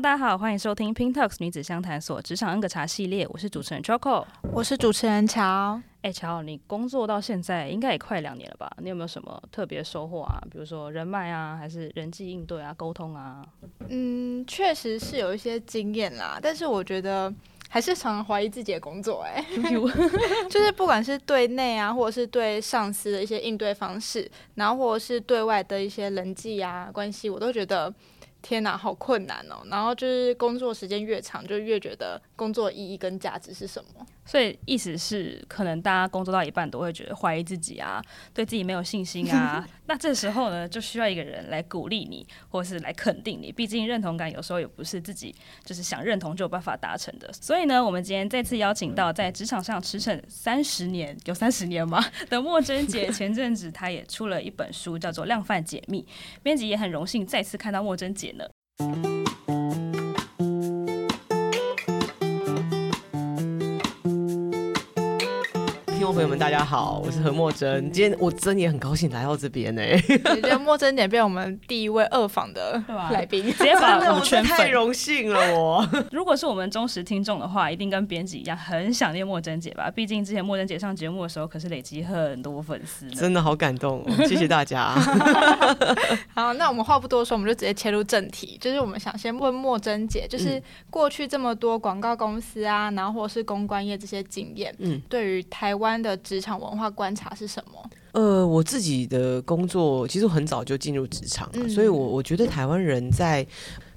大家好，歡迎收聽 PinkTalks 女子相談所職場 N 個碴系列，我是主持人 Choco，我是主持人喬。哎，喬，你工作到現在應該也快兩年了吧？你有沒有什麼特別收穫啊？比如說人脈啊，還是人際應對啊，溝通啊？嗯，確實是有一些經驗啦，但是我覺得還是常常懷疑自己的工作、欸。哎， 就是不管是對內啊，或者是對上司的一些應對方式，然後或者是對外的一些人際啊關係，我都覺得。天吶，好困難哦！然後就是工作時間越長，就越覺得，工作意義跟價值是什麼？所以意思是，可能大家工作到一半都會覺得懷疑自己啊，對自己沒有信心啊。 那這時候呢，就需要一個人來鼓勵你，或是來肯定你。畢竟認同感有時候也不是自己就是想認同就有辦法達成的。所以呢，我們今天再次邀請到在職場上馳騁三十年，有三十年嗎？的默真姐， 前陣子他也出了一本書，叫做《量販解密》。編輯也很榮幸再次看到默真姐呢。 聽眾朋友們，大家好，我是何默真。嗯、今天我真也很高興來到這邊呢、欸。對 姐姐，默真姐被我們第一位二訪的來賓，直接把我們圈粉，太榮幸了我。 如果是我們忠實聽眾的話，一定跟編輯一樣很想念默真姐吧？畢竟之前默真姐上節目的時候，可是累積很多粉絲。真的好感動、哦，謝謝大家。 好，那我們話不多說，我們就直接切入正題。就是我們想先問默真姐，就是過去這麼多廣告公司啊，嗯、然後或者是公關業這些經驗，嗯，對於台灣。的職場文化觀察是什麼？呃，我自己的工作其實很早就進入職場了，嗯，所以我我覺得台灣人在。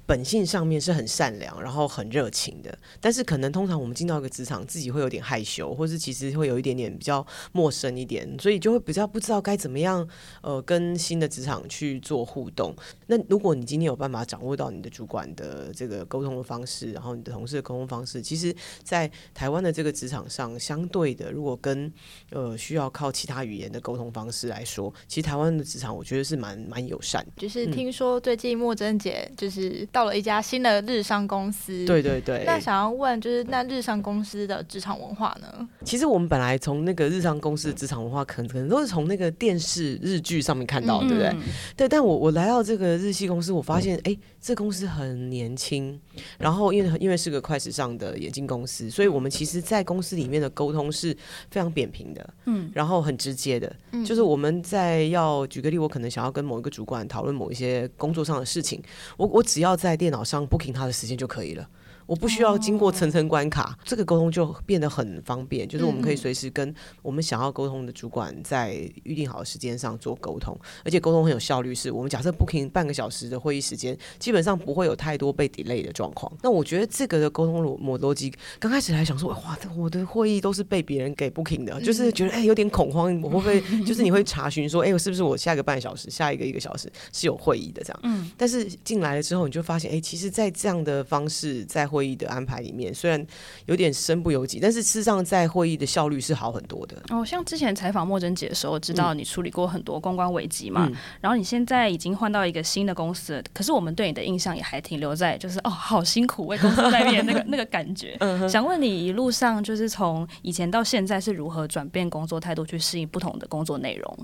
本性上面是很善良，然後很熱情的，但是可能通常我們進到一個職場，自己會有點害羞，或是其實會有一點點比較陌生一點，所以就會比較不知道該怎麼樣，呃，跟新的職場去做互動。那如果你今天有辦法掌握到你的主管的這個溝通的方式，然後你的同事的溝通方式，其實，在台灣的這個職場上，相對的，如果跟呃需要靠其他語言的溝通方式來說，其實台灣的職場我覺得是蠻蠻友善的。就是聽說最近默真姐就是。到了一家新的日商公司，對對對。那想要問，就是那日商公司的職場文化呢？其實我們本來從那個日商公司的職場文化，可能可能都是從那個電視日劇上面看到，嗯哼。對不對？對，但我我來到這個日系公司，我發現，哎、嗯，這公司很年輕。然後，因為因為是個快時尚的眼鏡公司，所以我們其實在公司裡面的溝通是非常扁平的，嗯，然後很直接的，就是我們在要舉個例，我可能想要跟某一個主管討論某一些工作上的事情，我我只要在電腦上 booking 他的時間就可以了。我不需要經過層層關卡，oh. 這個溝通就變得很方便。嗯嗯，就是我們可以隨時跟我們想要溝通的主管，在預定好的時間上做溝通，而且溝通很有效率。是我們假設 booking 半個小時的會議時間，基本上不會有太多被 delay 的狀況。那我覺得這個的溝通邏邏輯，剛開始來想說，哇，我的會議都是被別人給 booking 的。嗯、就是覺得哎、欸、有點恐慌，我會不會 就是你會查詢說，哎、欸，我是不是我下一個半小時、下一個一個小時是有會議的這樣？嗯。但是進來了之後，你就發現，哎、欸，其實，在這樣的方式在會。會議的安排裡面，雖然有點身不由己，但是事實上在會議的效率是好很多的。哦，像之前採訪默真姐的時候，知道你處理過很多公關危機嘛？嗯、然後你現在已經換到一個新的公司，可是我們對你的印象也還停留在就是哦，好辛苦為公司賣命那個 那個感覺。嗯、哼想問你一路上就是從以前到現在是如何轉變工作態度去適應不同的工作內容？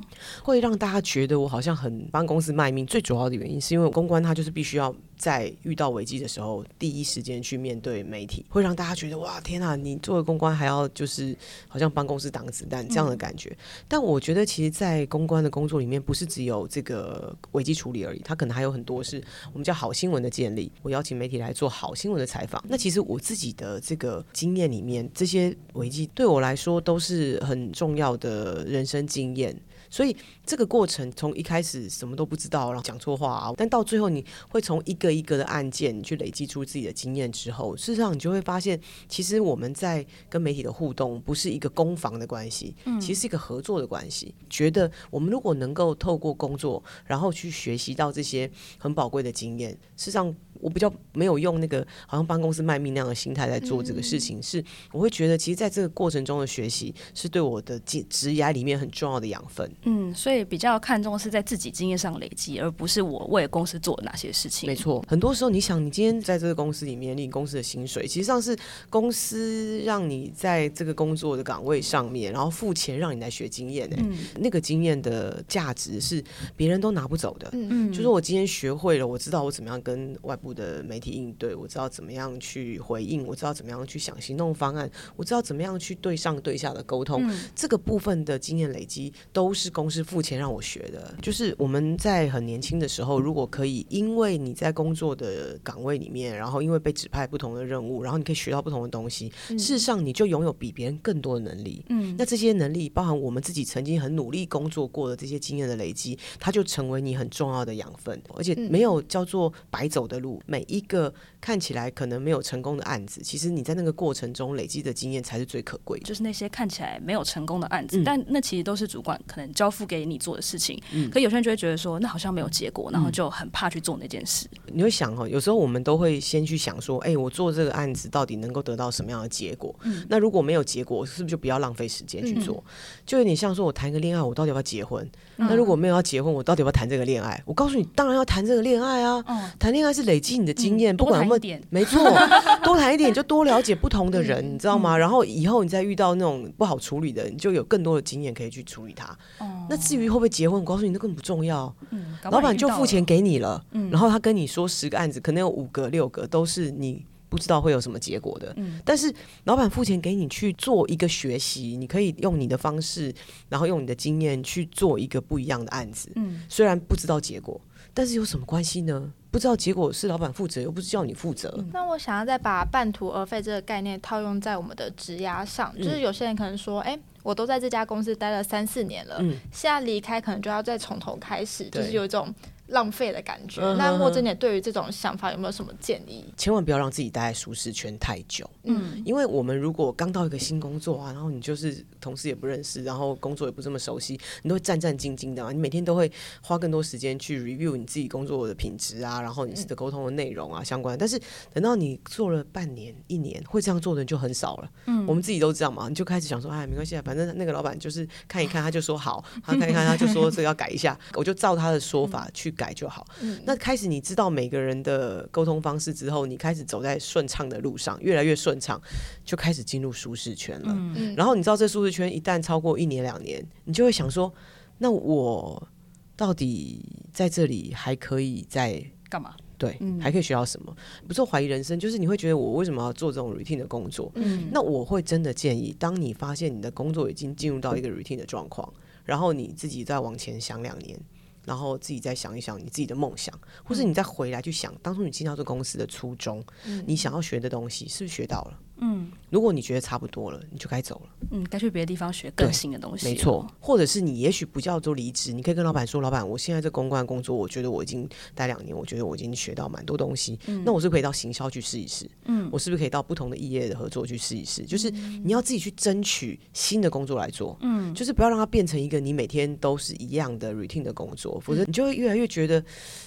會讓大家覺得我好像很幫公司賣命，最主要的原因是因為公關它就是必須要。在遇到危機的時候，第一時間去面對媒體，會讓大家覺得哇，天哪！你作為公關還要就是好像幫公司擋子彈，嗯，這樣的感覺。但我覺得，其實，在公關的工作裡面，不是只有這個危機處理而已，它可能還有很多是我們叫好新聞的建立。我邀請媒體來做好新聞的採訪。那其實我自己的這個經驗裡面，這些危機對我來說都是很重要的人生經驗。所以這個過程從一開始什麼都不知道，然後講錯話啊，但到最後你會從一個一個的案件去累積出自己的經驗之後，事實上你就會發現，其實我們在跟媒體的互動不是一個攻防的關係，其實是一個合作的關係。嗯、覺得我們如果能夠透過工作，然後去學習到這些很寶貴的經驗，事實上。我比較沒有用那個好像幫公司賣命那樣的心態來做這個事情，嗯、是我會覺得其實在這個過程中的學習是對我的職職涯裡面很重要的養分。嗯，所以比較看重是在自己經驗上累積，而不是我為公司做哪些事情。沒錯，很多時候你想，你今天在這個公司裡面領公司的薪水，其實上是公司讓你在這個工作的崗位上面，然後付錢讓你來學經驗，欸。哎、嗯，那個經驗的價值是別人都拿不走的。嗯，嗯，就是我今天學會了，我知道我怎麼樣跟外部。的媒體應對，我知道怎麼樣去回應，我知道怎麼樣去想行動方案，我知道怎麼樣去對上對下的溝通。嗯，這個部分的經驗累積都是公司付錢讓我學的。就是我們在很年輕的時候，如果可以，因為你在工作的崗位裡面，然後因為被指派不同的任務，然後你可以學到不同的東西。事實上，你就擁有比別人更多的能力。嗯，那這些能力包含我們自己曾經很努力工作過的這些經驗的累積，它就成為你很重要的養分。而且沒有叫做白走的路。每一個看起來可能沒有成功的案子，其實你在那個過程中累積的經驗才是最可貴的。就是那些看起來沒有成功的案子，嗯、但那其實都是主管可能交付給你做的事情。嗯、可有些人就會覺得說，那好像沒有結果，然後就很怕去做那件事。你會想哈，有時候我們都會先去想說，哎、欸，我做這個案子到底能夠得到什麼樣的結果？嗯、那如果沒有結果，是不是就不要浪費時間去做？嗯、就有點像說，我談個戀愛，我到底要不要結婚？嗯、那如果沒有要結婚，我到底要不要談這個戀愛？我告訴你，當然要談這個戀愛啊！談戀、嗯、愛是累積你的經驗，不管有沒有，沒錯，多談一點，多一點就多了解不同的人， 嗯、你知道嗎？然後以後你再遇到那種不好處理的人，你就有更多的經驗可以去處理它。嗯、那至於會不會結婚，我告訴你，那更不重要。嗯、老闆就付錢給你了。然後他跟你說十個案子，嗯、可能有五個、六個都是你不知道會有什麼結果的。嗯、但是老闆付錢給你去做一個學習，你可以用你的方式，然後用你的經驗去做一個不一樣的案子。嗯、雖然不知道結果，但是有什麼關係呢？不知道結果是老闆負責，又不是叫你負責、嗯。那我想要再把“半途而廢”這個概念套用在我們的職涯上，就是有些人可能說：“哎、嗯欸，我都在這家公司待了三四年了，現在離開可能就要再從頭開始。對”就是有一種。浪費的感覺。那、uh huh. 默真姐對於這種想法有沒有什麼建議？千萬不要讓自己待在舒適圈太久。嗯，因為我們如果剛到一個新工作啊，然後你就是同事也不認識，然後工作也不這麼熟悉，你都會戰戰兢兢的、啊。你每天都會花更多時間去 review 你自己工作的品質啊，然後你的溝通的內容啊、嗯、相關。但是等到你做了半年、一年，會這樣做的人就很少了。嗯，我們自己都知道嘛，你就開始想說，哎，沒關係啊，反正那個老板就是看一看，他就說好， 他看一看他就說這個要改一下， 我就照他的說法去改。來就好。嗯，那開始你知道每個人的溝通方式之後，你開始走在順暢的路上，越來越順暢，就開始進入舒適圈了。嗯，然後你知道這舒適圈一旦超過一年兩年，你就會想說，那我到底在這裡還可以在幹嘛？對，嗯，還可以學到什麼？不是懷疑人生，就是你會覺得我為什麼要做這種 routine 的工作？嗯，那我會真的建議，當你發現你的工作已經進入到一個 routine 的狀況，然後你自己再往前想兩年。然後自己再想一想你自己的夢想，或是你再回來去想，當初你進到這公司的初衷，嗯、你想要學的東西是不是學到了？嗯，如果你覺得差不多了，你就該走了。嗯，該去別的地方學更新的東西，沒錯。或者是你也許不叫做離職，你可以跟老闆說：“嗯、老闆，我現在在公關工作，我覺得我已經待兩年，我覺得我已經學到蠻多東西。嗯、那我是不是可以到行銷去試一試，嗯，我是不是可以到不同的異業的合作去試一試？嗯、就是你要自己去爭取新的工作來做，嗯，就是不要讓它變成一個你每天都是一樣的 routine 的工作，嗯、否則你就會越來越覺得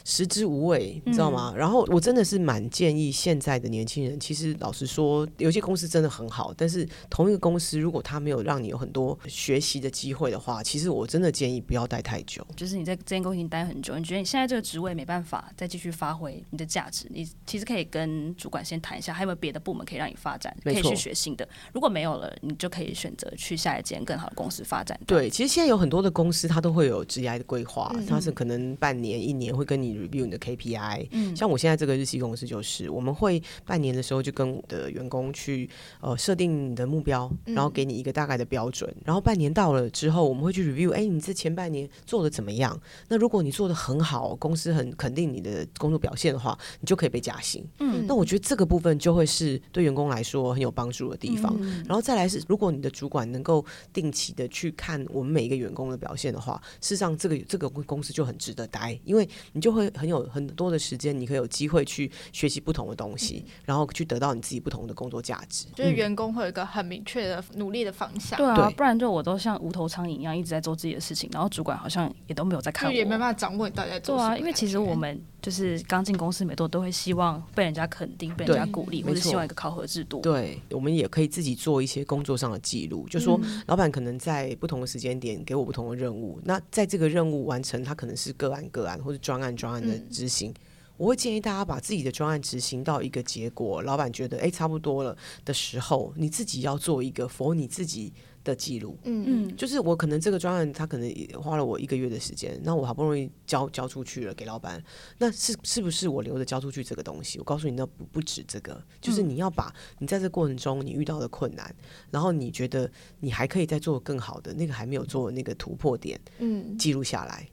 食之無味，你知道嗎？嗯、然後我真的是蠻建議現在的年輕人，其實老實說，這公司真的很好，但是同一個公司如果他沒有讓你有很多學習的機會的話，其實我真的建議不要待太久。就是你在這間公司已經待很久，你覺得你現在這個職位沒辦法再繼續發揮你的價值，你其實可以跟主管先談一下，還有沒有別的部門可以讓你發展，沒錯。可以去學新的。如果沒有了，你就可以選擇去下一間更好的公司發展。對，其實現在有很多的公司，它都會有職業規劃，嗯嗯，它是可能半年、一年會跟你 review 你的 KPI。嗯，像我現在這個日系公司就是，我們會半年的時候就跟我的員工去。去呃設定你的目標，然後給你一個大概的標準，嗯、然後半年到了之後，我們會去 review，哎，你這前半年做的怎麼樣？那如果你做的很好，公司很肯定你的工作表現的話，你就可以被加薪。嗯，那我覺得這個部分就會是對員工來說很有幫助的地方。嗯、然後再來是，如果你的主管能夠定期的去看我們每一個員工的表現的話，事實上這個這個公司就很值得待，因為你就會很有很多的時間，你可以有機會去學習不同的東西，嗯、然後去得到你自己不同的工作價。就是員工會有一個很明確的努力的方向、嗯，對啊，不然就我都像無頭蒼蠅一樣一直在做自己的事情，然後主管好像也都沒有在看我，也沒辦法掌握大家做。對啊，因為其實我們就是剛進公司，每多都,都會希望被人家肯定、被人家鼓勵，對或者希望一個考核制度。對，我們也可以自己做一些工作上的記錄，就說老板可能在不同的時間點給我不同的任務，嗯、那在這個任務完成，他可能是個案個案或者專案專案的執行。嗯我會建議大家把自己的專案執行到一個結果，老闆覺得哎、欸、差不多了的時候，你自己要做一個 for 你自己的記錄。嗯嗯，就是我可能這個專案他可能也花了我一個月的時間，那我好不容易交交出去了給老闆，那是是不是我留着交出去這個東西？我告訴你，那不不止這個，就是你要把你在這過程中你遇到的困難，然後你覺得你還可以再做更好的那個還沒有做的那個突破點，嗯，記錄下來。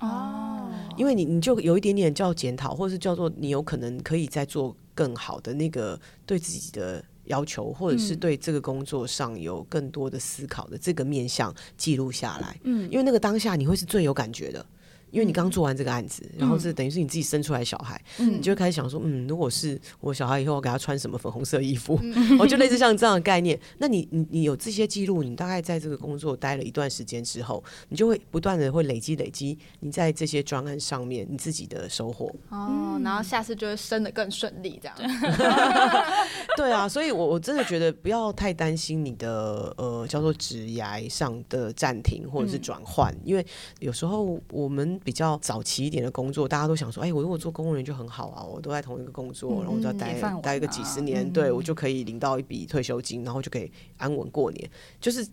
哦，因為你你就有一點點叫檢討，或者是叫做你有可能可以再做更好的那個對自己的要求，或者是對這個工作上有更多的思考的這個面向記錄下來。嗯，因為那個當下你會是最有感覺的。因為你剛做完這個案子，嗯、然後是等於是你自己生出來的小孩，嗯、你就會開始想說，嗯，如果是我小孩以後我給他穿什麼粉紅色衣服，我、嗯、就類似像這樣的概念。那你你你有這些記錄，你大概在這個工作待了一段時間之後，你就會不斷的會累積累積你在這些專案上面你自己的收穫哦，然後下次就會生得更順利這樣。 對啊 對啊，所以我我真的覺得不要太擔心你的呃叫做職涯上的暫停或者是轉換，嗯、因為有時候我們。比較早期一點的工作，大家都想說：“哎、欸，我如果做公務員就很好啊！我都在同一個工作，嗯、然後我就要待、啊、待個幾十年，對，我就可以領到一筆退休金，嗯、然後就可以安穩過年。”就是。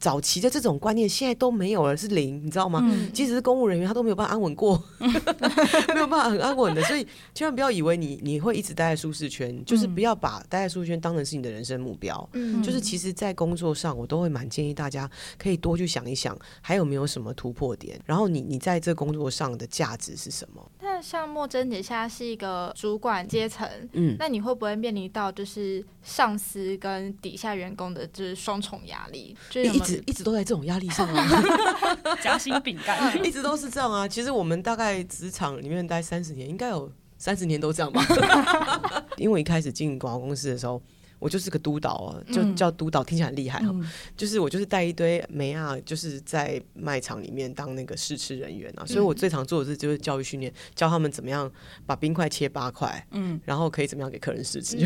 早期的這種觀念現在都沒有了，是零，你知道嗎？嗯、即使是公務人員，他都沒有辦法安穩過，嗯、 沒有辦法很安穩的，所以千萬不要以為你你會一直待在舒適圈，嗯、就是不要把待在舒適圈當成是你的人生目標。嗯，就是其實，在工作上，我都會蠻建議大家可以多去想一想，還有沒有什麼突破點，然後你你在這工作上的價值是什麼？那像默真姐現在是一個主管階層，嗯，那你會不會面臨到就是上司跟底下員工的，就是雙重壓力？就是。一直，一直都在這種壓力上啊，夾心餅乾，一直都是這樣啊。其實我們大概職場裡面待三十年，應該有三十年都這樣吧？因為一開始進廣告公司的時候。我就是個督導，啊，就叫督導，聽起來很厲害哦。嗯，就是我就是帶一堆梅亞，就是在賣場裡面當那個試吃人員啊。嗯，所以，我最常做的事就是教育訓練，教他們怎麼樣把冰塊切八塊，嗯，然後可以怎麼樣給客人試吃。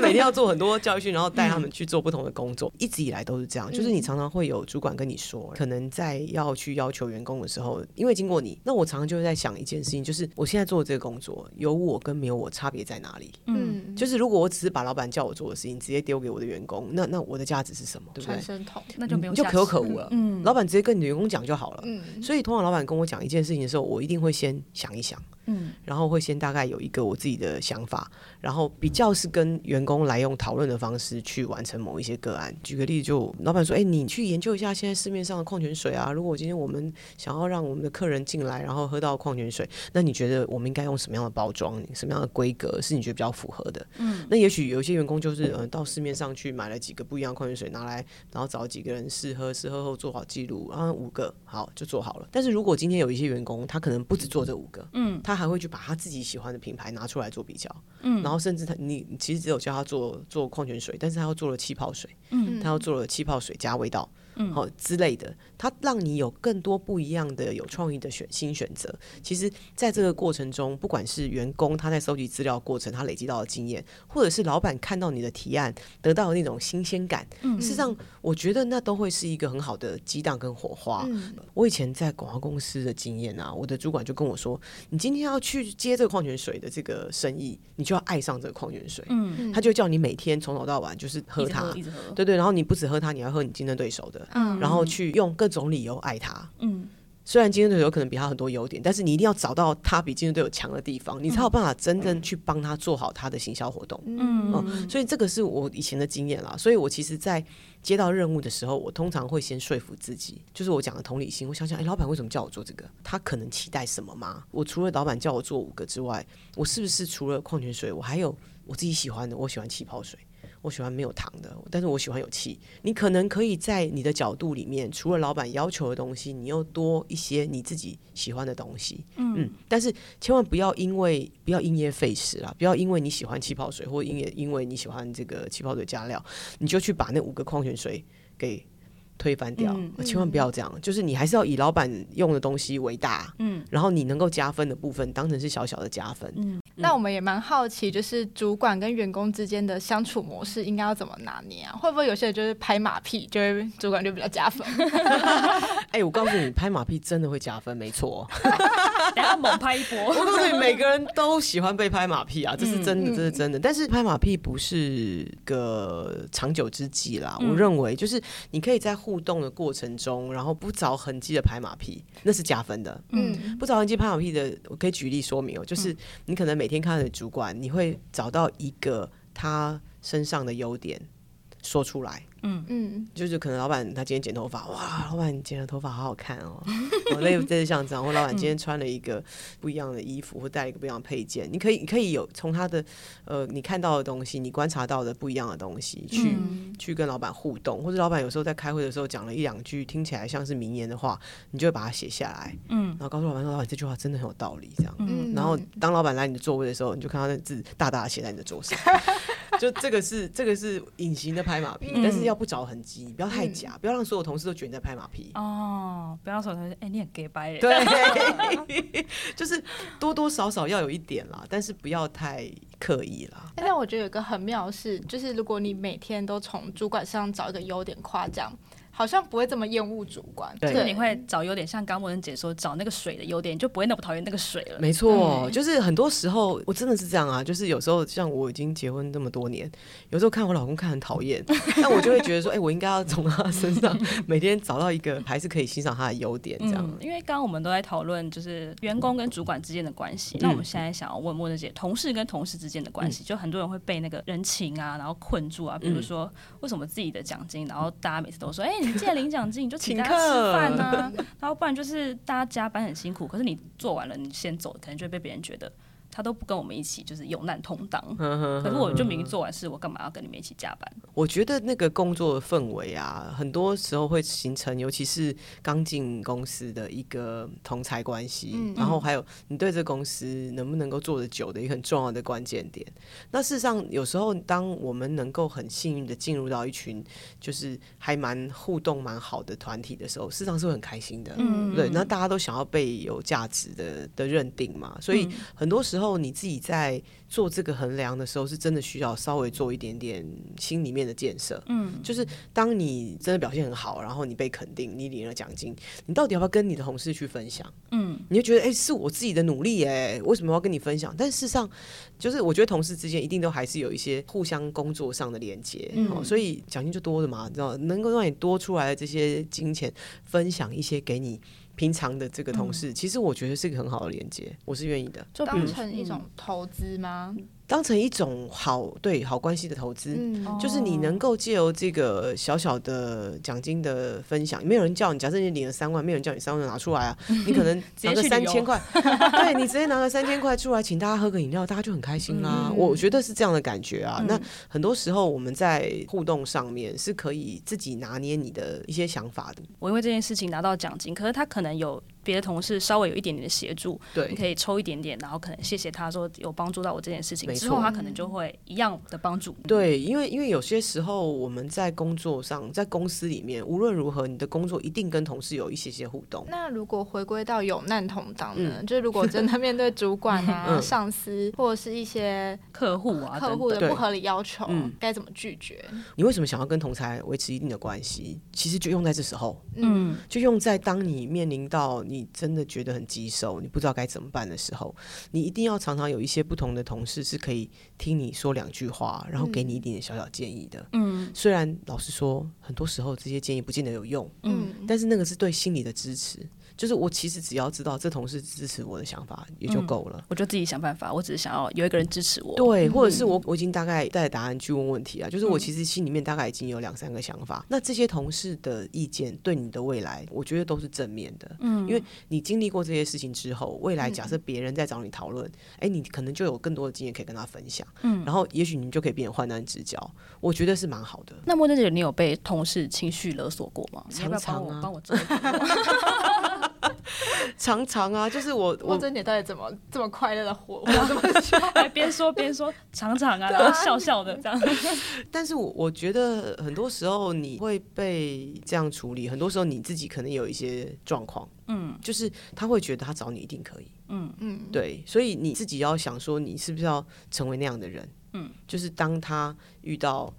每天要做很多教育訓，然後帶他們去做不同的工作。嗯，一直以來都是這樣，就是你常常會有主管跟你說，嗯，可能在要去要求員工的時候，因為經過你，那我常常就在想一件事情，就是我現在做的這個工作，有我跟沒有我差別在哪裡？嗯，就是如果我只是把老闆叫我做的事情。你直接丟給我的員工，那那我的價值是什麼？對不對？傳聲筒，那就沒有，你就可有可無了。嗯，老板直接跟你員工講就好了。嗯，所以通常老板跟我講一件事情的時候，我一定會先想一想。嗯，然後會先大概有一個我自己的想法，然後比較是跟員工來用討論的方式去完成某一些個案。舉個例子，就老闆說：“哎、欸，你去研究一下現在市面上的礦泉水啊。如果今天我們想要讓我們的客人進來，然後喝到礦泉水，那你覺得我們應該用什麼樣的包裝、什麼樣的規格？是你覺得比較符合的。”嗯，那也許有些員工就是嗯、呃，到市面上去買了幾個不一樣的礦泉水拿來，然後找幾個人試喝，試喝後做好記錄，啊，五個好就做好了。但是如果今天有一些員工，他可能不止做這五個，嗯，他他還會去把他自己喜歡的品牌拿出來做比較，嗯，然後甚至他你其實只有叫他做做礦泉水，但是他要做了氣泡水，嗯，他要做了氣泡水加味道。嗯，好、哦、之類的，它讓你有更多不一樣的、有創意的選新選擇。其實在這個過程中，不管是員工他在收集資料過程，他累積到的經驗，或者是老闆看到你的提案得到的那種新鮮感，嗯、事實上，我覺得那都會是一個很好的激盪跟火花。嗯、我以前在廣告公司的經驗啊，我的主管就跟我說：“你今天要去接這個礦泉水的這個生意，你就要愛上這個礦泉水。”嗯，他就叫你每天從早到晚就是喝它，一直喝，一直喝，對，對對，然後你不只喝它，你要喝你競爭對手的。嗯，um, 然後去用各種理由愛他。嗯，雖然競爭對手有可能比他很多優點，但是你一定要找到他比競爭對手強的地方，你才有辦法真正去幫他做好他的行銷活動。嗯，所以這個是我以前的經驗啦。所以我其實在接到任務的時候，我通常會先說服自己，就是我講的同理心。我想想，哎，老板為什麼叫我做這個？他可能期待什麼嗎？我除了老板叫我做五個之外，我是不是除了礦泉水，我還有我自己喜歡的？我喜歡氣泡水。我喜歡沒有糖的，但是我喜歡有氣。你可能可以在你的角度裡面，除了老闆要求的東西，你又多一些你自己喜歡的東西。嗯、嗯，但是千萬不要因為不要因噎廢食啦，不要因為你喜歡氣泡水，或因為、嗯、因為你喜歡這個氣泡水加料，你就去把那五個礦泉水給推翻掉。嗯、千萬不要這樣，就是你還是要以老板用的東西為大。嗯，然後你能夠加分的部分，當成是小小的加分。嗯那我們也蠻好奇，就是主管跟員工之間的相處模式應該要怎麼拿捏啊？會不會有些人就是拍馬屁，就是主管就比較加分？哎、 欸，我告訴你，拍馬屁真的會加分，沒錯。然 後猛拍一波。 我告訴你，每個人都喜歡被拍馬屁啊，這是真的，嗯、這是真的。但是拍馬屁不是個長久之計啦。嗯、我認為，就是你可以在互動的過程中，然後不着痕跡的拍馬屁，那是加分的。嗯，不着痕跡拍馬屁的，我可以舉例說明哦，就是你可能每。每天看着主管，你會找到一個他身上的優點說出來。嗯嗯，就就可能老板他今天剪頭髮，哇，老板剪的頭髮好好看哦。我不真的像這樣。或老板今天穿了一個不一樣的衣服，或帶一個不一樣的配件，你可以你可以有從他的呃你看到的東西，你觀察到的不一樣的東西，去、嗯、去跟老板互動，或者老板有時候在開會的時候講了一兩句聽起來像是名言的話，你就會把它寫下來，嗯，然後告訴老板說老板、啊、這句話真的很有道理這樣，嗯，然後當老板來你的座位的時候，你就看到那字大大的寫在你的桌上。 就這個是這個是隱形的拍馬屁，嗯、但是要不着痕跡，不要太假，嗯、不要讓所有同事都覺得你在拍馬屁哦，不要讓所有同事哎、欸，你很假掰耶，對， 就是多多少少要有一點啦，但是不要太刻意啦。那我覺得有一個很妙的是，就是如果你每天都從主管身上找一個優點誇獎。好像不會這麼厭惡主管，對就是你會找優點，像剛默真姐說找那個水的優點，就不會那麼討厭那個水了。沒錯錯，嗯、就是很多時候我真的是這樣啊，就是有時候像我已經結婚這麼多年，有時候看我老公看很討厭， 但我就會覺得說，哎、欸，我應該要從他身上每天找到一個還是可以欣賞他的優點這樣。嗯、因為剛剛我們都在討論就是員工跟主管之間的關係，嗯、那我們現在想要問默真姐，同事跟同事之間的關係，嗯、就很多人會被那個人情啊，然後困住啊，比如說、嗯、為什麼自己的獎金，然後大家每次都說，哎、欸。現在領獎金你就請大家吃飯吶、啊，客然後不然就是大家加班很辛苦，可是你做完了你先走，可能就會被別人覺得。他都不跟我們一起，就是有難同當。 可是我就明明做完事，我幹嘛要跟你們一起加班？我覺得那個工作的氛圍啊，很多時候會形成，尤其是剛進公司的一個同儕關係。嗯嗯，然後還有，你對這公司能不能夠做得久的一個很重要的關鍵點。那事實上，有時候當我們能夠很幸運的進入到一群就是還蠻互動蠻好的團體的時候，事實上是會很開心的。嗯嗯嗯，對，那大家都想要被有價值的的認定嘛，所以很多時候。後你自己在做這個衡量的時候，是真的需要稍微做一點點心裡面的建設。嗯，就是當你真的表現很好，然後你被肯定，你領了獎金，你到底要不要跟你的同事去分享？嗯，你就覺得欸，是我自己的努力欸，為什麼要跟你分享？但事實上，就是我覺得同事之間一定都還是有一些互相工作上的連接。嗯，哦，所以獎金就多了嘛，你知道？能夠讓你多出來的這些金錢分享一些給你。平常的這個同事，嗯、其實我覺得是一個很好的連接，我是願意的。就當成一種投資嗎？嗯當成一種好對好關係的投資，嗯、就是你能夠借由這個小小的獎金的分享，沒有人叫你，假設你領了三萬，沒有人叫你三萬拿出來啊，你可能直接拿個三千塊， 對，你直接拿了三千塊出來，請大家喝個飲料，大家就很開心啦。嗯、我覺得是這樣的感覺啊。嗯、那很多時候我們在互動上面是可以自己拿捏你的一些想法的。我因為這件事情拿到獎金，可是他可能有。別的同事稍微有一點點的協助，對，你可以抽一點點，然後可能謝謝他說有幫助到我這件事情，錯之後他可能就會一樣的幫助。嗯、對，因為因為有些時候我們在工作上，在公司裡面，無論如何，你的工作一定跟同事有一些些互動。那如果回歸到有難同當呢？嗯、就如果真的面對主管啊、 上司或者是一些客戶啊、客戶、啊、的不合理要求，該對、嗯、怎麼拒絕？你為什麼想要跟同事維持一定的關係？其實就用在這時候，嗯，就用在當你面臨到你。你真的覺得很棘手，你不知道該怎麼辦的時候，你一定要常常有一些不同的同事是可以聽你說兩句話，然後給你一點點小小建議的。嗯，雖然老實說，很多時候這些建議不見得有用，嗯，但是那個是對心理的支持。就是我其實只要知道這同事支持我的想法也就夠了，嗯，我就自己想辦法。我只是想要有一個人支持我，對，嗯，或者是我我已經大概帶着答案去問問題了。就是我其實心裡面大概已經有兩三個想法，嗯，那這些同事的意見對你的未來，我覺得都是正面的。嗯，因為你經歷過這些事情之後，未來假設別人在找你討論，哎，嗯欸，你可能就有更多的經驗可以跟他分享。嗯，然後也許你們就可以變得患難之交，我覺得是蠻好的。那默真姐，你有被同事情緒勒索過嗎？常常啊，幫我做。 常常啊，就是我我真的也到底怎麼這麼快樂的活我怎麼久？ 還邊說邊說，常常啊，然後笑笑的這樣。但是我我覺得很多時候你會被這樣處理，很多時候你自己可能有一些狀況，嗯，就是他會覺得他找你一定可以，嗯嗯，對，所以你自己要想說你是不是要成為那樣的人，嗯，就是當他遇到。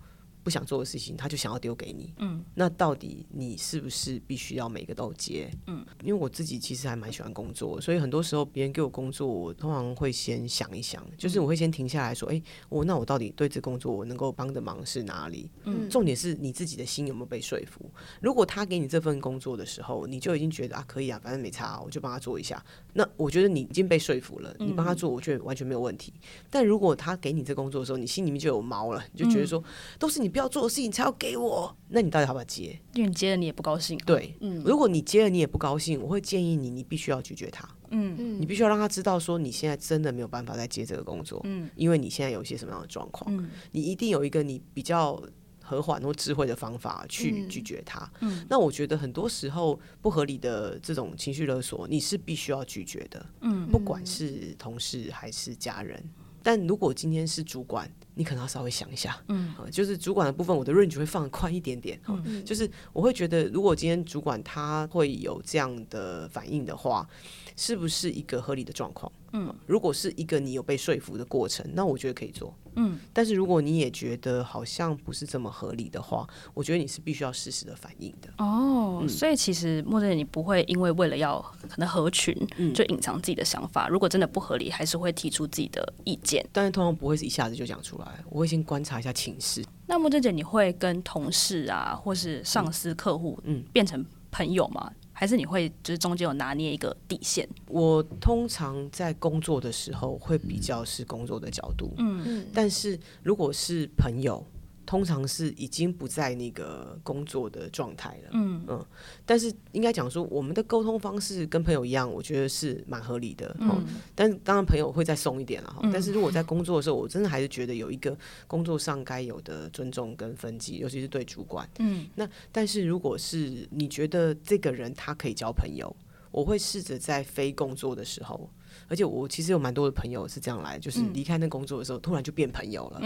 不想做的事情，他就想要丟給你。嗯，那到底你是不是必須要每個都接？嗯，因為我自己其實還蠻喜歡工作，所以很多時候別人給我工作，我通常會先想一想，嗯、就是我會先停下來說：“哎、欸，我那我到底對這工作我能夠幫的忙是哪裡？”嗯，重點是你自己的心有沒有被說服。如果他給你這份工作的時候，你就已經覺得啊可以啊，反正沒差，我就幫他做一下。那我覺得你已經被說服了，你幫他做，我覺得完全沒有問題。嗯、但如果他給你這工作的時候，你心裡面就有毛了，你就覺得說、嗯、都是你。要做的事情才要給我，那你到底要不要接？因為你接了你也不高興、啊。對，嗯，如果你接了你也不高興，我會建議你，你必須要拒絕他。嗯嗯，你必須要讓他知道說你現在真的沒有辦法再接這個工作，嗯，因為你現在有一些什麼樣的狀況，嗯、你一定有一個你比較和緩或智慧的方法去拒絕他。嗯，那我覺得很多時候不合理的這種情緒勒索，你是必須要拒絕的。嗯，不管是同事還是家人，嗯、但如果今天是主管。你可能要稍微想一下，嗯，嗯，就是主管的部分，我的 range 會放寬一點點，嗯，就是我會覺得，如果今天主管他會有這樣的反應的話，是不是一個合理的狀況？嗯，如果是一個你有被說服的過程，那我覺得可以做。嗯，但是如果你也覺得好像不是這麼合理的話，我覺得你是必須要適時的反應的。哦，嗯、所以其實默真姐，你不會因為為了要可能合群，就隱藏自己的想法。嗯、如果真的不合理，還是會提出自己的意見。但是通常不會是一下子就講出來，我會先觀察一下情勢。那默真姐，你會跟同事啊，或是上司、客戶，嗯，變成朋友嗎？嗯嗯還是你會就是中間有拿捏一個底線？我通常在工作的時候會比較是工作的角度，嗯，但是如果是朋友。通常是已經不在那個工作的狀態了，嗯嗯，但是應該講說，我們的溝通方式跟朋友一樣，我覺得是蠻合理的。嗯，哦，但當然朋友會再鬆一點了哈，嗯，但是如果在工作的時候，我真的還是覺得有一個工作上該有的尊重跟分際，尤其是對主管，嗯。那但是如果是你覺得這個人他可以交朋友，我會試着在非工作的時候。而且我其實有蠻多的朋友是這樣來，就是離開那個工作的時候，突然就變朋友了。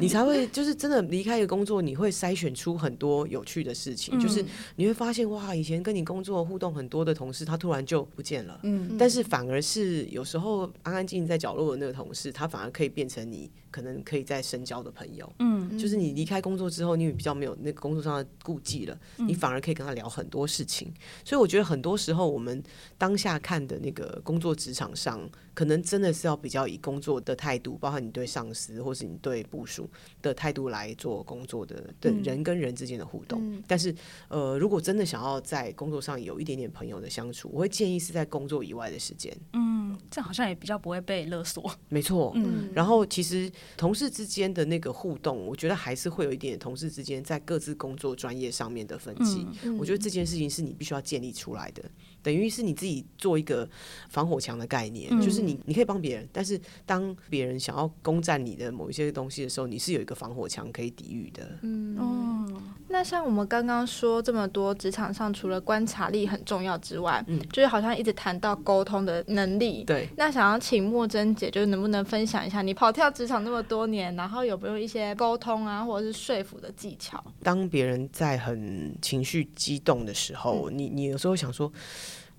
你才會就是真的離開一個工作，你會篩選出很多有趣的事情，就是你會發現哇，以前跟你工作互動很多的同事，他突然就不見了。但是反而是有時候安安靜靜在角落的那個同事，他反而可以變成你。可能可以再深交的朋友，嗯，就是你離開工作之後，你比較沒有那個工作上的顧忌了，嗯、你反而可以跟他聊很多事情。嗯、所以我覺得很多時候，我們當下看的那個工作職場上，可能真的是要比較以工作的態度，包括你對上司或是你對部屬的態度來做工作的，嗯、對人跟人之間的互動。嗯嗯、但是，呃，如果真的想要在工作上有一點點朋友的相處，我會建議是在工作以外的時間。嗯，這好像也比較不會被勒索。沒錯，嗯，嗯然後其實。同事之間的那個互動，我覺得還是會有一點同事之間在各自工作專業上面的分歧。我覺得這件事情是你必須要建立出來的。等於是你自己做一個防火牆的概念，就是你你可以幫別人，嗯、但是當別人想要攻占你的某一些東西的時候，你是有一個防火牆可以抵御的。嗯、哦，那像我們剛剛說這麼多，職場上除了觀察力很重要之外，嗯、就是好像一直談到溝通的能力。對，那想要請默真姐，就是能不能分享一下你跑跳職場那麼多年，然後有沒有一些溝通啊或者是說服的技巧？當別人在很情緒激動的時候，嗯、你你有時候想說。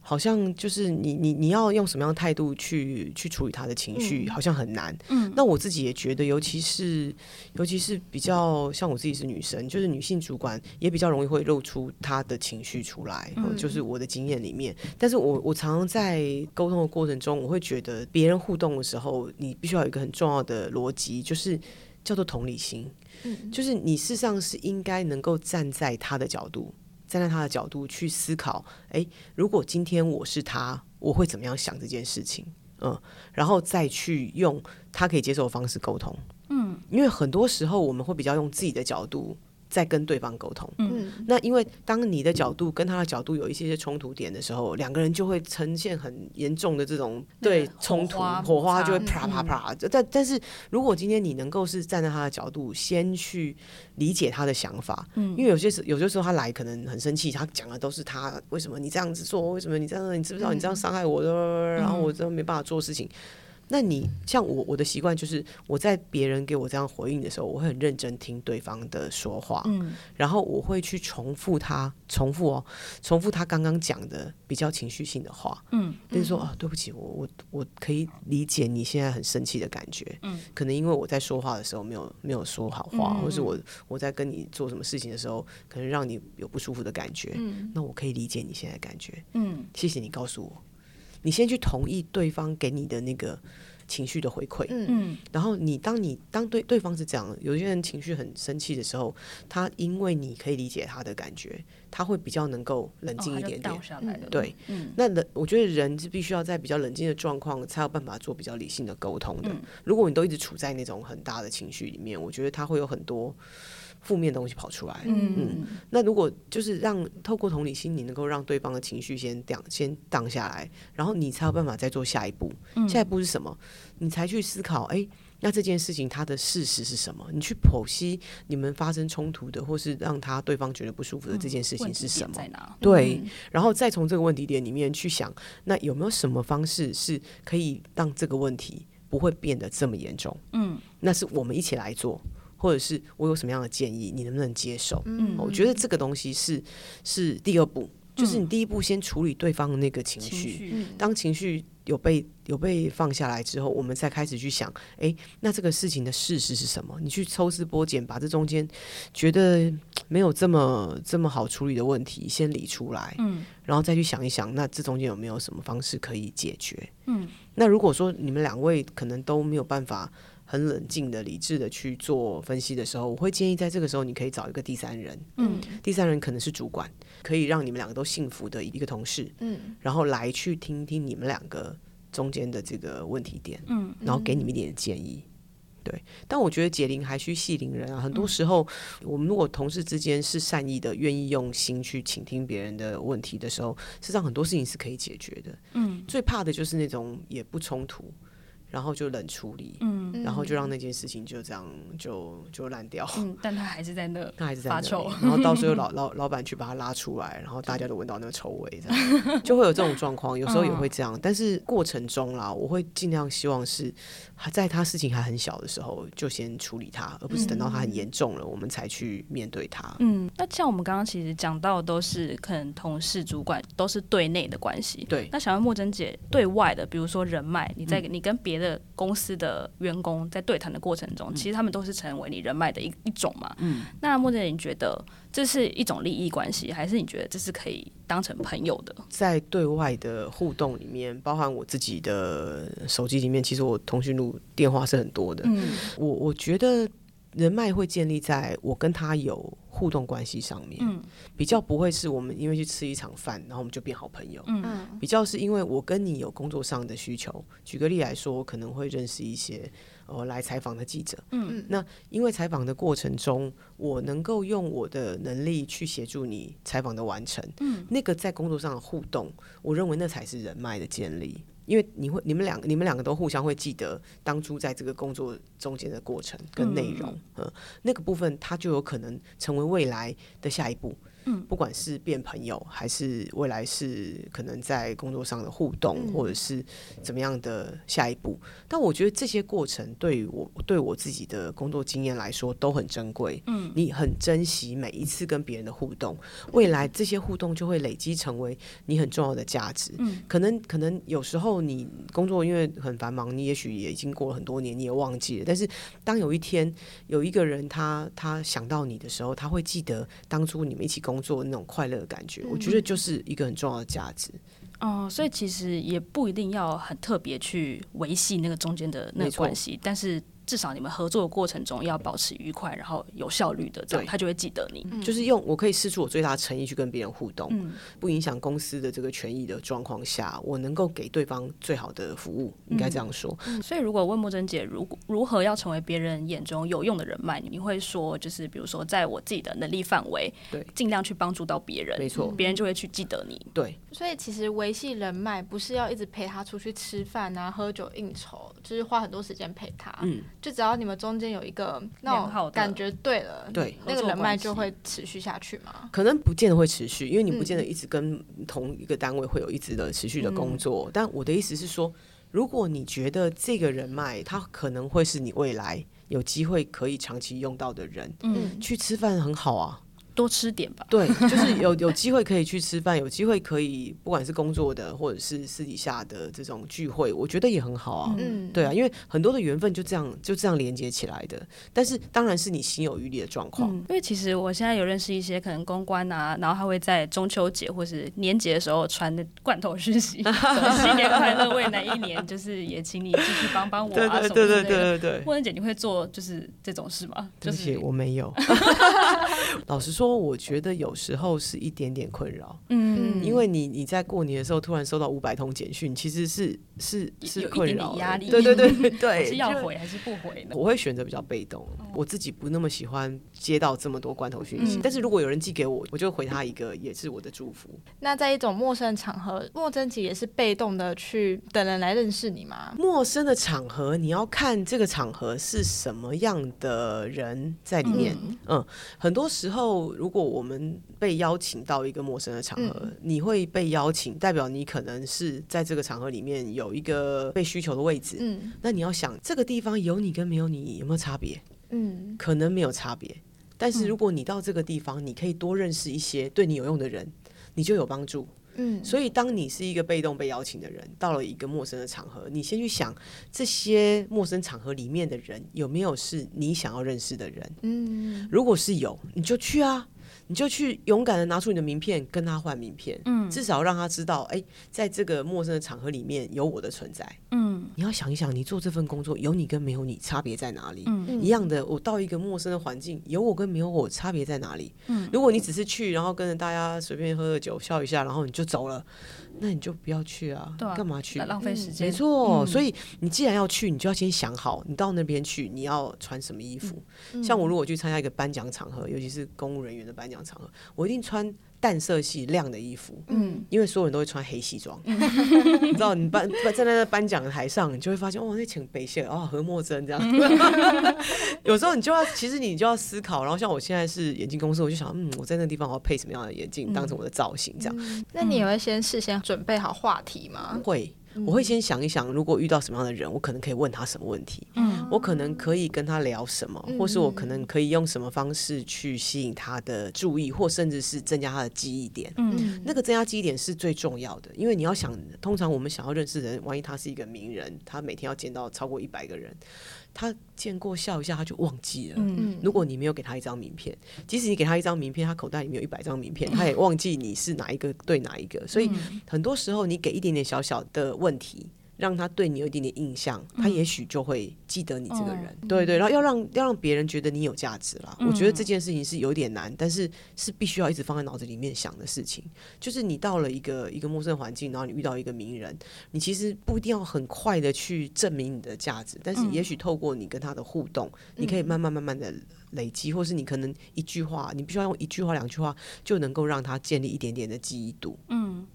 好像就是你你你要用什麼樣的態度去去處理他的情緒，好像很難。嗯，那我自己也覺得，尤其是尤其是比較像我自己是女生，就是女性主管也比較容易會露出他的情緒出來。嗯，呃，就是我的經驗裡面。但是我我常常在溝通的過程中，我會覺得別人互動的時候，你必須要有一個很重要的邏輯，就是叫做同理心。嗯，就是你事實上是應該能夠站在他的角度。站在他的角度去思考，誒，如果今天我是他，我會怎麼樣想這件事情？嗯，然後再去用他可以接受的方式溝通，嗯，因為很多時候我們會比較用自己的角度，在跟對方溝通，嗯，那因為當你的角度跟他的角度有一些衝突點的時候，兩個人就會呈現很嚴重的這種對衝突，火花，火花就會啪啪啪，啪。但、嗯、但是如果今天你能夠是站在他的角度，先去理解他的想法，嗯，因為有些時有些時候他來可能很生氣，他講的都是他為什麼你這樣子做，為什麼你這樣子，你知不知道你這樣傷害我、嗯嗯、然後我真的沒辦法做事情。那你像我，我的習慣就是我在別人給我這樣回應的時候，我會很認真聽對方的說話，嗯，然後我會去重複他，重複哦，重複他剛剛講的比較情緒性的話，嗯，就是說啊，對不起，我我我可以理解你現在很生氣的感覺，嗯，可能因為我在說話的時候沒有沒有說好話，嗯、或是我我在跟你做什麼事情的時候，可能讓你有不舒服的感覺，嗯，那我可以理解你現在的感覺，嗯，謝謝你告訴我，你先去同意對方給你的那個。情緒的回饋，嗯，然後你當你當對對方是這樣，有些人情緒很生氣的時候，他因為你可以理解他的感覺，他會比較能夠冷靜一點點，哦，倒下來了，嗯、對，嗯、那我覺得人是必須要在比較冷靜的狀況才有辦法做比較理性的溝通的。嗯、如果你都一直處在那種很大的情緒裡面，我覺得他會有很多。負面的東西跑出來，嗯，嗯，那如果就是讓透過同理心，你能夠讓對方的情緒先降、先盪下來，然後你才有辦法再做下一步。嗯、下一步是什麼？你才去思考，哎、欸，那這件事情它的事實是什麼？你去剖析你們發生衝突的，或是讓他對方覺得不舒服的這件事情是什麼？嗯、對，然後再從這個問題點裡面去想，那有沒有什麼方式是可以讓這個問題不會變得這麼嚴重？嗯，那是我們一起來做。或者是我有什麼樣的建議，你能不能接受？嗯，我覺得這個東西是是第二步，嗯、就是你第一步先處理對方的那個情緒。情嗯、當情緒有被有被放下來之後，我們再開始去想，哎、欸，那這個事情的事實是什麼？你去抽絲剝繭，把這中間覺得沒有這麼這麼好處理的問題先理出來，嗯，然後再去想一想，那這中間有沒有什麼方式可以解決？嗯，那如果說你們兩位可能都沒有辦法。很冷靜的、理智的去做分析的時候，我會建議在這個時候，你可以找一個第三人。嗯，第三人可能是主管，可以讓你們兩個都信服的一個同事。嗯，然後來去聽聽你們兩個中間的這個問題點。嗯，然後給你們一點，點建議。嗯、對，但我覺得解鈴還須繫鈴人啊。很多時候，我們如果同事之間是善意的，願意用心去傾聽別人的問題的時候，實際上很多事情是可以解決的。嗯，最怕的就是那種也不衝突。然後就冷處理，嗯，然後就讓那件事情就這樣就就爛掉。嗯，但他還是在那，他還是在那。然後到時候老老老闆去把他拉出來，然後大家都聞到那個臭味，這樣就會有這種狀況。有時候也會這樣，但是過程中啦，我會盡量希望是還在他事情還很小的時候就先處理他，而不是等到他很嚴重了我們才去面對他。嗯，那像我們剛剛其實講到的都是可能同事、主管都是對內的關係，對。那想要默真姐對外的，比如說人脈，你在你跟別的。的公司的員工在對談的過程中，嗯、其實他們都是成為你人脈的一一種嘛。嗯，那默姐，你覺得這是一種利益關係，還是你覺得這是可以當成朋友的？在對外的互動裡面，包含我自己的手機裡面，其實我通訊錄電話是很多的。嗯，我我覺得。人脈會建立在我跟他有互動關係上面，嗯、比較不會是我們因為去吃一場飯，然後我們就變好朋友。嗯、比較是因為我跟你有工作上的需求。舉個例來說，我可能會認識一些、呃、來採訪的記者。嗯、那因為採訪的過程中，我能夠用我的能力去協助你採訪的完成。嗯、那個在工作上的互動，我認為那才是人脈的建立。因為你會，你們兩個，你們兩個都互相會記得當初在這個工作中間的過程跟內容，嗯，那個部分它就有可能成為未來的下一步。嗯，不管是變朋友，還是未來是可能在工作上的互動，嗯、或者是怎麼樣的下一步，但我覺得這些過程對於我對我自己的工作經驗來說都很珍貴。嗯，你很珍惜每一次跟別人的互動，未來這些互動就會累積成為你很重要的價值。嗯，可能可能有時候你工作因為很繁忙，你也許也已經過了很多年，你也忘記了，但是當有一天有一個人他他想到你的時候，他會記得當初你們一起工作，工作那種快樂的感覺，我覺得就是一個很重要的價值。嗯。哦，所以其實也不一定要很特別去維繫那個中間的那個關係，沒錯。但是。至少你們合作的過程中要保持愉快，然後有效率的這樣，他就會記得你對。嗯、就是用我可以釋出我最大的誠意去跟別人互動，嗯、不影響公司的這個權益的狀況下，我能夠給對方最好的服務，嗯、應該這樣說，嗯。所以如果問默真姐，如果如何要成為別人眼中有用的人脈，你會說就是比如說，在我自己的能力範圍，對，盡量去幫助到別人，沒錯錯，別人就會去記得你。嗯、對，所以其實維繫人脈不是要一直陪他出去吃飯啊、喝酒應酬，就是花很多時間陪他。嗯就只要你們中間有一個那種感覺對了，對，那個人脈就會持續下去嗎？可能不見得會持續，因為你不見得一直跟同一個單位會有一直的持續的工作。嗯，但我的意思是說，如果你覺得這個人脈他可能會是你未來有機會可以長期用到的人，嗯，去吃飯很好啊。多吃點吧。對，就是有有機會可以去吃飯，有機會可以不管是工作的或者是私底下的這種聚會，我覺得也很好啊。嗯，對啊，因為很多的緣分就這樣就這樣連接起來的。但是當然是你心有餘力的狀況，嗯。因為其實我現在有認識一些可能公關啊，然後他會在中秋節或是年節的時候傳罐頭訊息， 所以新年快樂，未來一年，就是也請你繼續幫幫我，啊。對對，對對對對對對。默真姐，你會做就是這種事嗎？對不起，就是我沒有。 老實說。說我覺得有時候是一點點困擾，嗯，因為你你在過年的時候突然收到五百通簡訊，其實是是是困擾壓力，對對對對，對 是要回還是不回呢？我會選擇比較被動，我自己不那麼喜歡接到這麼多罐頭訊息，嗯、但是如果有人寄給我，我就回他一個，也是我的祝福。那在一種陌生的場合，默真姊也是被動的去等人來認識你嗎？陌生的場合，你要看這個場合是什麼樣的人在裡面，嗯,嗯，很多時候。如果我們被邀請到一個陌生的場合，嗯，你會被邀請，代表你可能是在這個場合裡面有一個被需求的位置。嗯，那你要想，這個地方有你跟沒有你有沒有差別？嗯，可能沒有差別。但是如果你到這個地方，你可以多認識一些對你有用的人，你就有幫助。嗯，所以當你是一個被動被邀請的人，到了一個陌生的場合，你先去想這些陌生場合裡面的人有沒有是你想要認識的人？嗯，如果是有，你就去啊。你就去勇敢的拿出你的名片跟他換名片，嗯，至少讓他知道，哎，欸，在這個陌生的場合裡面有我的存在，嗯，你要想一想，你做這份工作有你跟沒有你差別在哪裡？嗯，一樣的，我到一個陌生的環境有我跟沒有我差別在哪裡？嗯，如果你只是去然後跟着大家隨便喝喝酒笑一下，然後你就走了。那你就不要去啊！幹、啊、嘛去？浪費時間、嗯。沒錯，所以你既然要去，你就要先想好，你到那邊去你要穿什麼衣服。嗯嗯、像我如果去參加一個頒獎場合，尤其是公務人員的頒獎場合，我一定穿。淡色系亮的衣服，嗯，因為所有人都會穿黑西裝， 你知道你，你頒站在那頒獎台上，你就會發現，哦，那請北西，哦，何默真這樣。 有時候你就要，其實你就要思考。然後像我現在是眼鏡公司，我就想，嗯，我在那地方我要配什麼樣的眼鏡，嗯、當成我的造型這樣。嗯嗯、那你也會先事先準備好話題嗎？會。我會先想一想，如果遇到什麼樣的人，我可能可以問他什麼問題。嗯，我可能可以跟他聊什麼，嗯、或是我可能可以用什麼方式去吸引他的注意，或甚至是增加他的記憶點。嗯，那個增加記憶點是最重要的，因為你要想，通常我們想要認識的人，萬一他是一個名人，他每天要見到超過一百個人，他見過笑一下他就忘記了。嗯，如果你沒有給他一張名片，即使你給他一張名片，他口袋裡面有一百張名片，他也忘記你是哪一個，對哪一個。嗯、所以很多時候，你給一點點小小的。問題讓他對你有一點點印象，嗯、他也許就會記得你這個人。哦、對,對對，然後要讓要讓別人覺得你有價值啦。嗯、我覺得這件事情是有點難，但是是必須要一直放在腦子裡面想的事情。就是你到了一個一個陌生環境，然後你遇到一個名人，你其實不一定要很快的去證明你的價值，但是也許透過你跟他的互動，嗯、你可以慢慢慢慢的累積，或是你可能一句話，你必須要用一句話、兩句話就能夠讓他建立一點點的記憶度。嗯。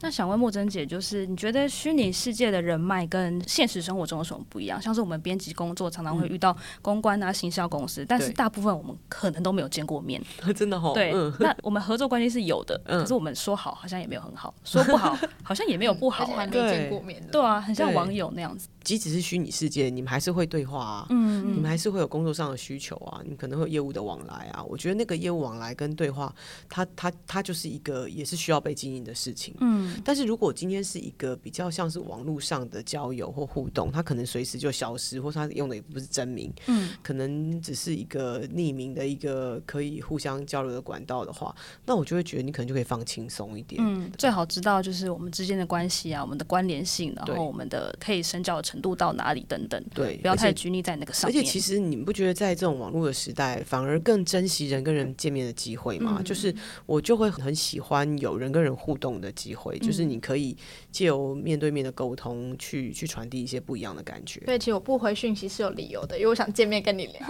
那想問默真姐，就是你覺得虛擬世界的人脈跟現實生活中有什麼不一樣？像是我們編輯工作常常會遇到公關啊、嗯、行銷公司，但是大部分我們可能都沒有見過面，對真的哦，對，嗯、那我們合作關係是有的，嗯、可是我們說好好像也沒有很好，說不好好像也沒有不好，欸，嗯，而且還沒見過面對。對啊，很像網友那樣子。即使是虛擬世界，你們還是會對話啊，嗯嗯，你們還是會有工作上的需求啊，你們可能會有業務的往來啊。我覺得那個業務往來跟對話，它它它，就是一個，也是需要被經營的事情，嗯。嗯，但是如果今天是一個比較像是網絡上的交友或互動，它可能隨時就消失，或他用的也不是真名，嗯，可能只是一個匿名的一個可以互相交流的管道的話，那我就會覺得你可能就可以放輕鬆一點。嗯，最好知道就是我們之間的關係啊，我們的關聯性，對然後我們的可以深交的程度到哪裡等等。對，不要太拘泥在那個上面而。而且其實你不覺得在這種網絡的時代，反而更珍惜人跟人見面的機會嗎？嗯，就是我就會很喜歡有人跟人互動的機。回就是你可以借由面對面的溝通去、嗯、去傳遞一些不一樣的感覺。對，其實我不回訊息是有理由的，因為我想見面跟你聊。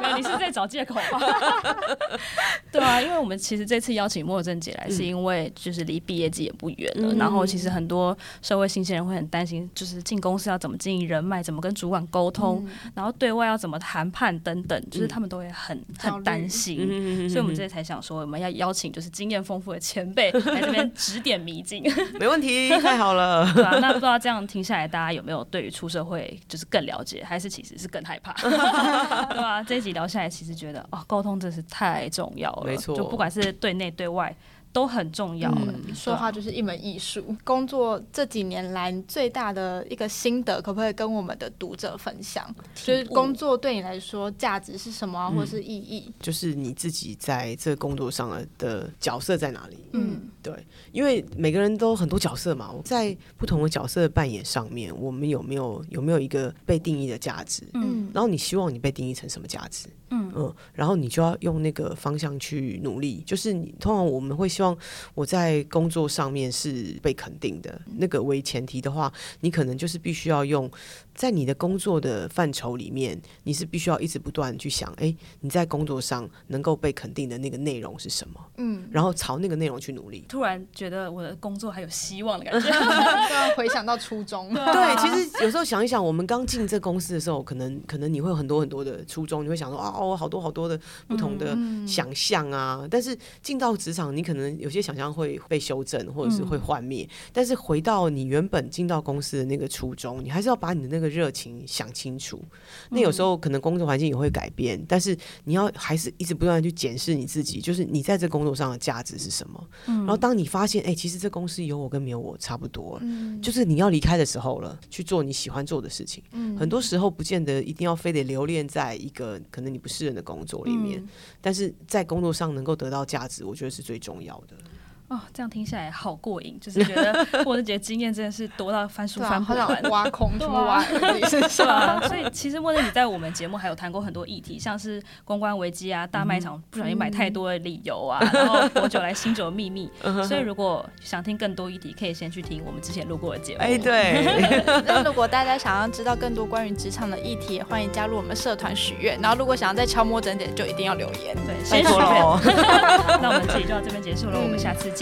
沒有，你是在找借口嗎？ 對啊，因為我們其實這次邀請默真姐來，是因為就是離畢業季也不遠了。嗯、然後其實很多社會新鮮人會很擔心，就是進公司要怎麼經營人脈，怎麼跟主管溝通，嗯、然後對外要怎麼談判等等，就是他們都會很、嗯、很擔心。慮所以我們這次才想說，我們要邀請就是經驗豐富的前輩來這邊指點迷津。沒問題，太好了， 對吧、啊？那不知道這樣聽下來，大家有沒有對於出社會就是更了解，還是其實是更害怕， 對吧、啊？這一集聊下來，其實覺得哦，溝通真是太重要了，沒錯，就不管是對內對外。都很重要。嗯、對說話就是一門藝術。工作這幾年來最大的一個心得，可不可以跟我們的讀者分享？步就是工作對你來說價值是什麼、啊，嗯、或是意義？就是你自己在這個工作上的角色在哪裡？嗯，對，因為每個人都很多角色嘛。我在不同的角色扮演上面，我們有沒有有沒有一個被定義的價值？嗯，然後你希望你被定義成什麼價值？嗯嗯，然後你就要用那個方向去努力。就是你通常我們會希望我希望我在工作上面是被肯定的，那個為前提的話，你可能就是必須要用。在你的工作的範疇裡面，你是必須要一直不斷去想，哎、欸，你在工作上能夠被肯定的那個內容是什麼？嗯，然後朝那個內容去努力。突然覺得我的工作還有希望的感覺，回想到初衷。對，其實有時候想一想，我們剛進這公司的時候，可能可能你會有很多很多的初衷，你會想說哦哦，好多好多的不同的想象啊。嗯、但是進到職場，你可能有些想象會被修正，或者是會幻滅。嗯、但是回到你原本進到公司的那個初衷，你還是要把你的那個，個熱情想清楚，那有時候可能工作環境也會改變，嗯、但是你要還是一直不斷地去檢視你自己，就是你在這工作上的價值是什麼。嗯、然後當你發現，哎、欸，其實這公司有我跟沒有我差不多，嗯、就是你要離開的時候了，去做你喜歡做的事情。嗯、很多時候不見得一定要非得留戀在一個可能你不是人的工作裡面，嗯、但是在工作上能夠得到價值，我覺得是最重要的。哦，這樣聽起來好過癮，就是覺得默真姐的經驗真的是多到翻書翻不完， 啊、好挖空出挖。是吧、 啊？所以其實默真姐在我們節目還有談過很多議題，像是公關危機啊、大賣場不小心買太多的理由啊，嗯、然後多酒來新酒的秘密。 所以如果想聽更多議題，可以先去聽我們之前錄過的節目。哎，對。那 如果大家想要知道更多關於職場的議題，也歡迎加入我們社團許願。然後如果想要再敲默真姐，就一定要留言。對，辛苦了。 那我們這集就到這邊結束了，嗯、我們下次見。